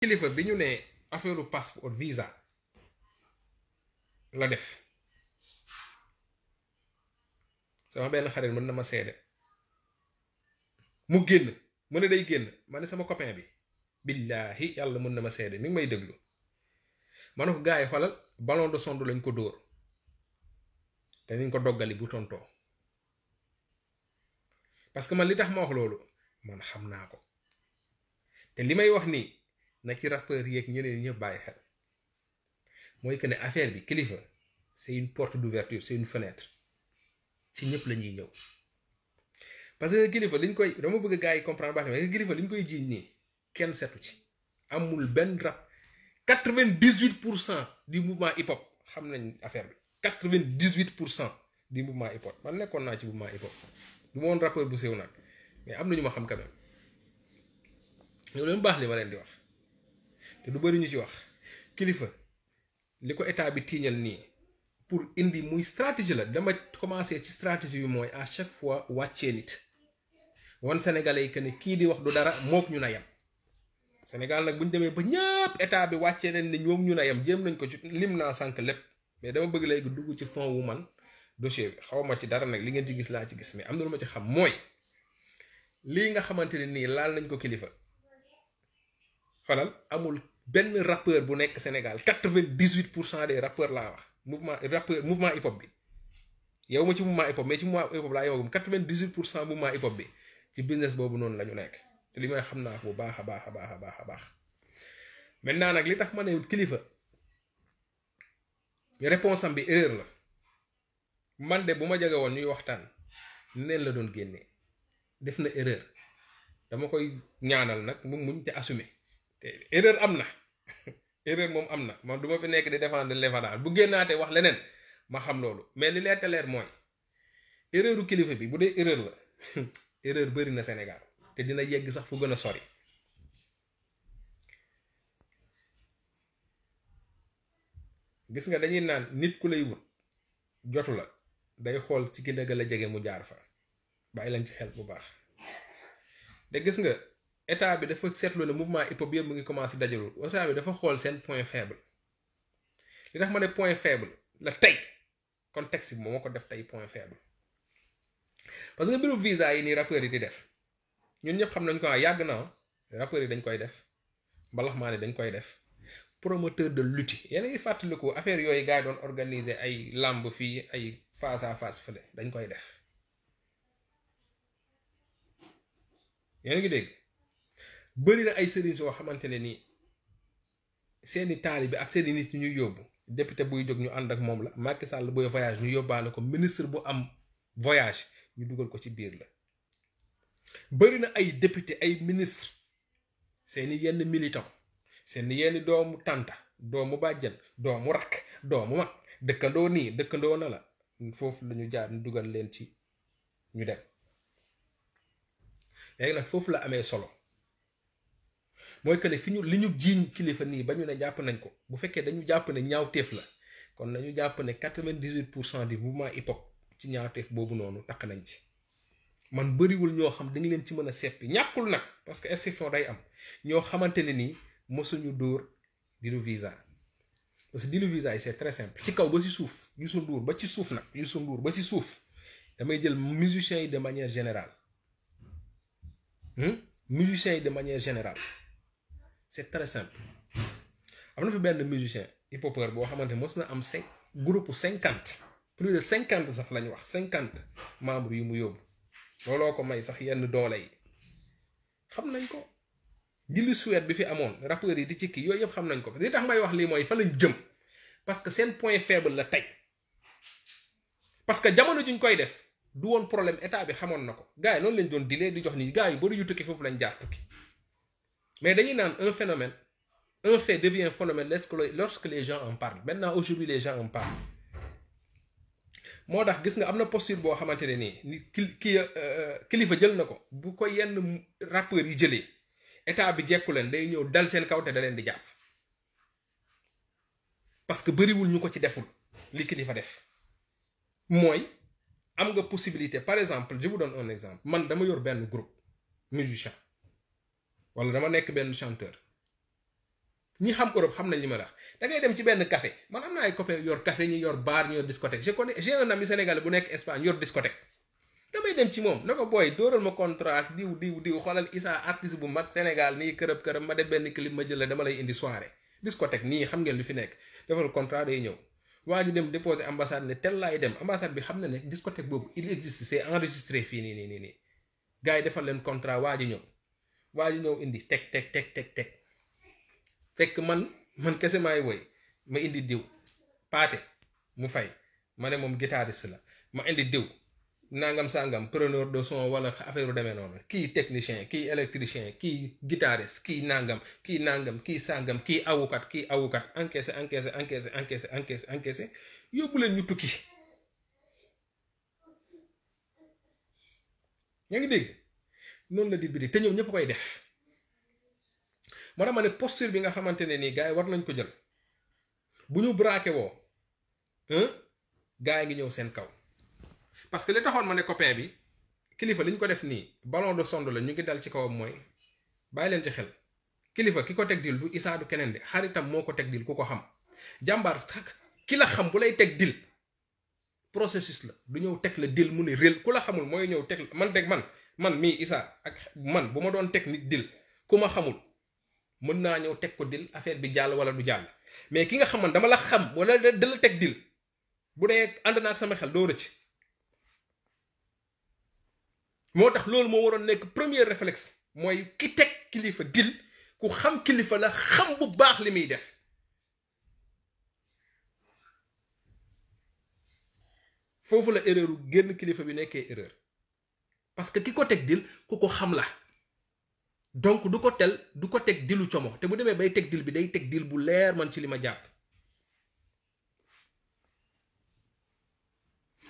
kilifa bi ñu ne affaire passeport visa la def sama benn xarit mën na ma seede mu génn mu ne day génn ma ne sama copain bi billaahi yàlla mën na ma seede mi may déglu ma ne ko gars yi xoolal ballon de sonde lañ ko dóor danañ ko doggali bu tontoo parce que man li tax ma wax loolu man xam naa ko te li may wax nii. na ci rappeur yeeg ñeneen ñëpp bàyyi xel mooy que ne affaire bi kilifa c'est une porte d'ouverture c'est une fenêtre ci ñëpp la ñuy ñëw parce que kilifa liñ koy dama bëgg gars yi comprendre baax na kilifa liñ koy jiiñ nii kenn setu ci amul benn rap quatre vingt dix pour cent du mouvement hip hop xam nañ affaire bi quatre vingt dix pour cent du mouvement hip hop man nekkoon naa ci mouvement hip hop du bu sew nag mais am na ñu ma xam quand même loolu baax li ma leen di wax. te du bëri ñu ci wax kilifa li ko état bi tiiñal nii pour indi muy stratégie la dama commencé ci stratégie bi mooy à chaque fois wàccee nit wan sénégalais yi que kii di wax du dara mook ñu na yem Sénégal nag bu ñu demee ba ñëpp état bi wàccee leen ni ñoom ñu na yem jéem nañ ko ci lim naa sànq lépp mais dama bëgg léegi dugg ci fond wu man dossier bi xaw ma ci dara nag li ngeen ci gis laa ci gis mais am na lu ma ci xam mooy lii nga xamante ne nii laal nañ ko kilifa. xoolal amul benn rappeur bu nekk Sénégal quatre-vingt-dix-huit pour cent des rappeurs laa wax mouvement rappeur mouvement hip hop bi yow ma ci mouvement hip hop mais ci mouvement hip hop laa yowagum quatre vingt dix bi ci business boobu noonu la nekk te li may xam naa bu baax a baax a baax a baax a baax maintenant nag li tax ma ne kilifa réponse bi erreur la man de bu ma jege woon ñuy waxtaan neen la doon génne def na erreur dama koy ñaanal nag mu muñ te assumer. erreur am na erreur moom am na moom du ma fi nekk di défendre Léva bu génnaatee wax leneen ma xam loolu mais li leer teleer leer mooy erreuru kilifa bi bu dee erreur la erreur bëri na Sénégal te dina yegg sax fu gën a sori. gis nga dañuy naan nit ku lay wut jotu la day xool ci ki la jege mu jaar fa bàyyi leen ci xel bu baax te gis nga. état bi dafa seetlu ne mouvement hip hop yëpp mu ngi commencé dajaloo état bi dafa xool seen point faible li tax ma ne point faible la tey contexte bi moom moo ko def tey point faible parce que mbiru visa yi nii rappeurs yi di def ñun ñëpp xam nañ ko ah yàgg naa ah. rappeurs yi dañ koy def mbalax maa ne dañ koy def promoteur de lutte yéen a ngi fàttaliku affaire yooyu gars doon organiser ay làmb fii ay face à face fële dañ koy def yéen ngi dégg. bëri na ay sëriñ soo xamante ne ni seeni taalibe ak seeni nit ñuy yóbbu député buy jóg ñu ànd ak moom la Macky Sall booy voyage ñu yóbbaale ko ministre bu am voyage ñu dugal ko ci biir la bëri na ay député ay ministre seeni yenn militant seeni yenn doomu tànta doomu bàjjan doomu rakk doomu mag dëkkandoo nii dëkkandoo na la foofu la ñu jaar ñu dugal leen ci ñu dem léegi nag foofu la amee solo mooy que ne fi ñu li ñu jiiñ kilifa nii ba ñu ne jàpp nañ ko bu fekkee dañu jàpp ne ñaaw teef la kon nañu jàpp ne quatre vingt dix pour cent du mouvement hip hop ci ñaawteef boobu noonu takk nañ ci. man bëriwul ñoo xam da nga leen ci mën a seppi ñàkkul nag parce que exception day am ñoo xamante ne nii mosuñu dóor dilu visa parce que dilu visa yi c'est très simple. ci kaw ba ci suuf su Ndour ba ci suuf nag Youssou Ndour ba ci suuf damay jël musiciens yi de manière général hmm? m yi de manière générale. c'est très simple am na fi benn musicien hip-hopeur boo xamante mos na am cinq groupe cinquante plus de cinquante sax lañ wax cinquante membres yu mu yóbbu looloo ko may sax yenn doole yi xam nañ ko jilli Suède bi fi amoon rappeurs yi di ci ki yooyu yëpp xam nañ ko li tax may wax lii mooy fa lañ jëm parce que seen point faible la tey parce que jamono juñ koy def du woon problème état bi xamoon na ko gars yi noonu lañ doon dilee di jox ni gars yu foofu lañ jaar tukki mais dañuy naan un phénomène un fait devient un phénomène lorsque lorsque les gens en parlent maintenant aujourd'hui les gens en parlent moo tax gis nga am na posture boo xamante ne nii ki ki euh, kilifa jël na ko bu ko yenn rappeur yi jëlee état bi jekku leen day ñëw dal seen kaw te da leen di jàpp parce que bëriwul ñu ko ci deful li kilifa def mooy am nga possibilité par exemple je vous donne un exemple man dama yor benn groupe musicien wala dama nekk benn chanteur ñi xam Europe xam nañ li ma wax da ngay dem ci benn café man am naa ay copains yor café ñi yor bar ñi yor discothèque je connais j'ai un bu nekk Espagne yor discothèque damay dem ci moom na ko booy dóoral ma contrat ak diw diw diw xoolal Issa artiste bu mag Sénégal nii kërëb kërëb ma def benn clip ma jël la dama lay indi soirée discothèque nii xam ngeen lu fi nekk defal contrat day ñëw waa ji dem déposé ambassade ne tel laay dem ambassade bi xam na ne discothèque boobu il existe c'est fii nii nii nii nii gars yi defal leen contrat waa ji ñëw waa ji indi teg teg teg teg teg fekk man man kese maay woy ma indi diw paate mu fay ma ne moom guitariste la ma indi diw nangam sangam preneur de son wala affaire demee noonu kii technicien kii électricien kii guitariste kii nangam kii nangam kii sangam kii awukat kii awukat encaissé encaissé encaissé encaissé encaissé encaissé yóbbu leen ñu tukki yaa ngi dégg. noonu la di biri te ñoom ñëpp koy def moo tax ma ne posture bi nga xamante ne nii gars yi war nañ ko jël bu ñu braqué woo gars yi ngi ñëw seen kaw parce que li taxoon ma ne copain bi kilifa li ko def nii ballon de sonde la ñu ngi dal ci kawam mooy bàyyi leen ci xel kilifa ki ko teg dil du isaa keneen de xaritam moo ko teg dil ku ko xam jàmbaar ki la xam bu lay teg dil processus la du ñëw teg la dil mu ne réel ku la xamul mooy ñëw teg man deg man man mii Issa ak man bu ma doon teg nit dil ku ma xamul mën naa ñëw teg ko dil affaire bi jàll wala du jàll mais ki nga xam man dama la xam wala da la teg dil bu dee ànd naa ak sama xel doo rëcc moo tax loolu moo waroon nekk premier réflexe mooy ki teg kilifa dil ku xam kilifa la xam bu baax li muy def foofu la erreur génn kilifa bi nekkee erreur. parce que ki ko teg dil ku ko xam la donc du ko tel du ko teg dilu como te bu demee bay teg dil bi day teg dil bu leer man ci li ma jàpp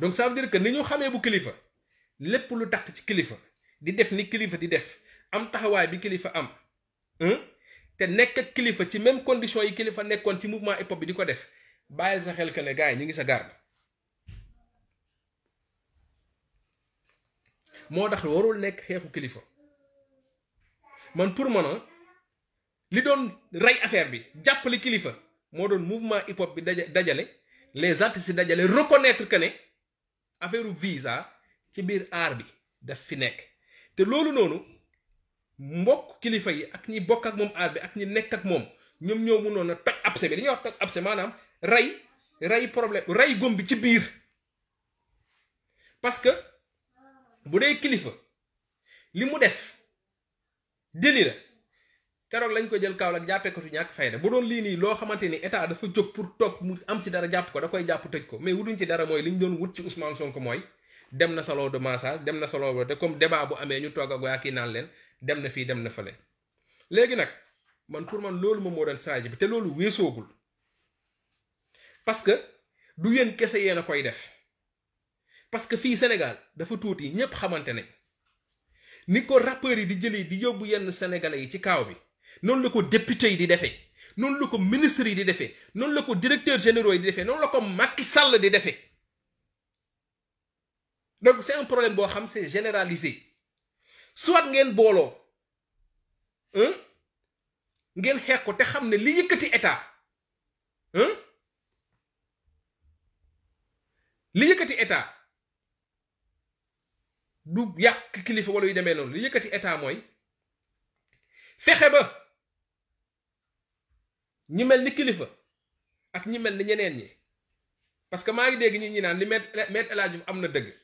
donc ça veut dire que ni ñu xamee bu kilifa lépp lu takk ci kilifa di def ni kilifa di def am taxawaay bi kilifa am te nekk ak kilifa ci même condition yi kilifa nekkoon ci mouvement hip bi di ko def bàyyil sa xel que ne gars yi ñu ngi sa garde moo tax warul nekk xeexu kilifa man pour man li doon rey affaire bi jàppale kilifa moo doon mouvement hip hop bi daja dajale les artistes dajale reconnaître que ne affaire visa ci biir aar bi daf fi nekk te loolu noonu mbokk kilifa yi ak ñi bokk ak moom aar bi ak ñi nekk ak moom ñoom ñoo mënoon a toj abcès bi dañuy wax toj abcès maanaam rey rey problème rey góom bi ci biir parce bu dee kilifa li mu def déli la keroog lañ ko jël kaw ak jàppee ko fi ñàkk fayda bu doon lii nii loo xamante ni état dafa jóg pour toog mu am ci dara jàpp ko da koy jàpp tëj ko mais wutuñ ci dara mooy li ñu doon wut ci Ousmane Sonko mooy dem na salon de massage dem na salon de comme débat bu amee ñu toog ak waa kii leen dem na fii dem na fële. léegi nag man pour man loolu moom moo doon stratégie bi te loolu weesoogul parce que du yéen kese yéen a koy def. parce que fii Sénégal dafa tuuti ñëpp xamante ne ni ko rappeurs yi di jëlee di yóbbu yenn sénégalais yi ci kaaw bi noonu la ko député yi di defee noonu la ko ministre yi di defee noonu la ko directeur généraux yi di defee noonu la ko Macky Sall di defee donc c'est un problème boo xam c'est généralisé soit ngeen booloo ngeen xeex ko te xam ne li yëkkati état li yëkkati état. du yàq kilifa wala yu demee noonu li yëkkati état mooy fexe ba ñi mel ni kilifa ak ñi mel ni ñeneen ñi parce que maa ngi dégg ñi ñi naan li maître maître El am na dëgg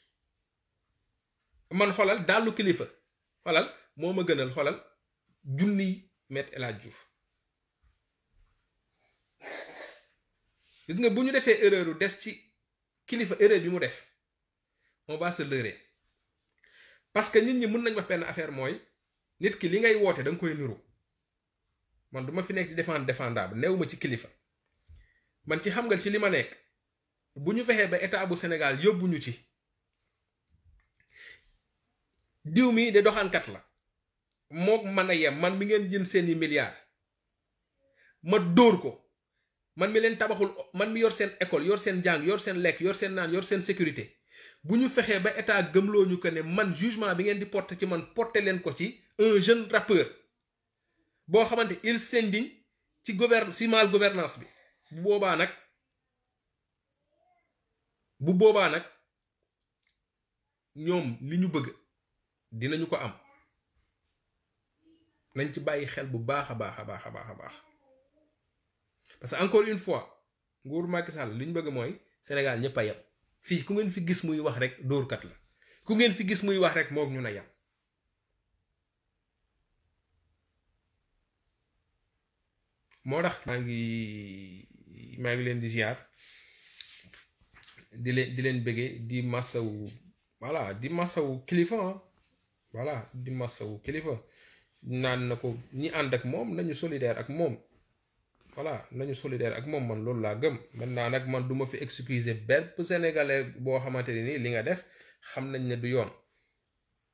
man xolal dàllu kilifa xolal moo ma gënal xolal junniy maître El Hadji gis nga bu ñu defee erreur des ci kilifa erreur bi mu def on va se leurrer parce que nit ñi mun nañ ma benn affaire mooy nit ki li ngay woote danga koy nuru man duma fi nekk di défendre défendable néew ma ci kilifa man ci xam nga ci li ma nekk bu ñu fexee ba état bu Sénégal yóbbuñu ci diw mi de doxaankat la moo man a yem man mi ngeen jën seeni milliards ma dóor ko man mi leen tabaxul man mi yor seen école yor seen jàng yor seen lekk yor seen naan yor seen sécurité bu ñu fexee ba état gëmloo ñu que ne man jugement bi ngeen di porter ci man porter leen ko ci un jeune rappeur boo xamante il s'indigne ci gouverne si mal gouvernance bi bu boobaa nag bu boobaa nag ñoom li ñu bëgg dinañu ko am nañ ci bàyyi xel bu baax a baax a baax a baax a baax parce que encore une fois nguur Macky Sall li ñu bëgg mooy Sénégal ñëpp a fii ku ngeen fi gis muy wax rek dóorkat la ku ngeen fi gis muy wax rek moo ñu na yam moo tax maa ngi maa ngi leen di ziar di leen di leen bëggee di massawu voilà di massawu kilifa voilà di massawu kilifa naan na ko ñi ànd ak moom nañu solidaire ak moom voilà nañu solidaire ak moom man loolu laa gëm man naa nag man duma fi excuser benn sénégalais boo xamante ne nii li nga def xam nañ ne du yoon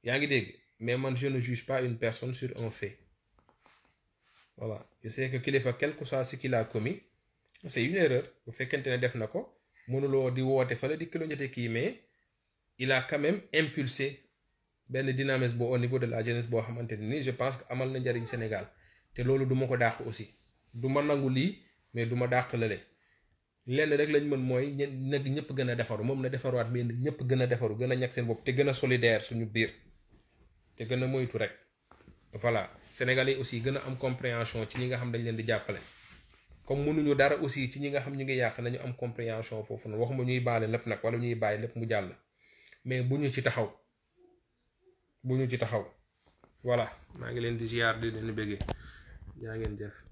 yaa ngi dégg mais man je ne juge pas une personne sur un fait voilà je sais que kilifa quel que soit ce qu'il bu fekkente ne def na ko mënuloo di woote fële di kiloñate kii mais il a quand même impulsé benn dynamisme boo au niveau de la jeunesse boo xamante ne nii je pense que amal na njariñ Sénégal te loolu duma ko dàq aussi. du ma nangu lii mais du ma dàq lale lenn rek lañ mën mooy nag ñëpp gën a defaru moom na defaruwaat mais ñëpp gën a defaru gën a ñàkk seen bopp te gën a solidaire suñu biir te gën a moytu rek voilà sénégalais aussi gën a am compréhension ci ñi nga xam dañ leen di jàppale comme mënuñu dara aussi ci ñi nga xam ñu ngi yàq nañu am compréhension foofu noonu waxuma ñuy baale lépp nag wala ñuy bàyyi lépp mu jàll mais bu ñu ci taxaw bu ñu ci taxaw voilà maa ngi leen di ziar di leen bëggee jaa ngeen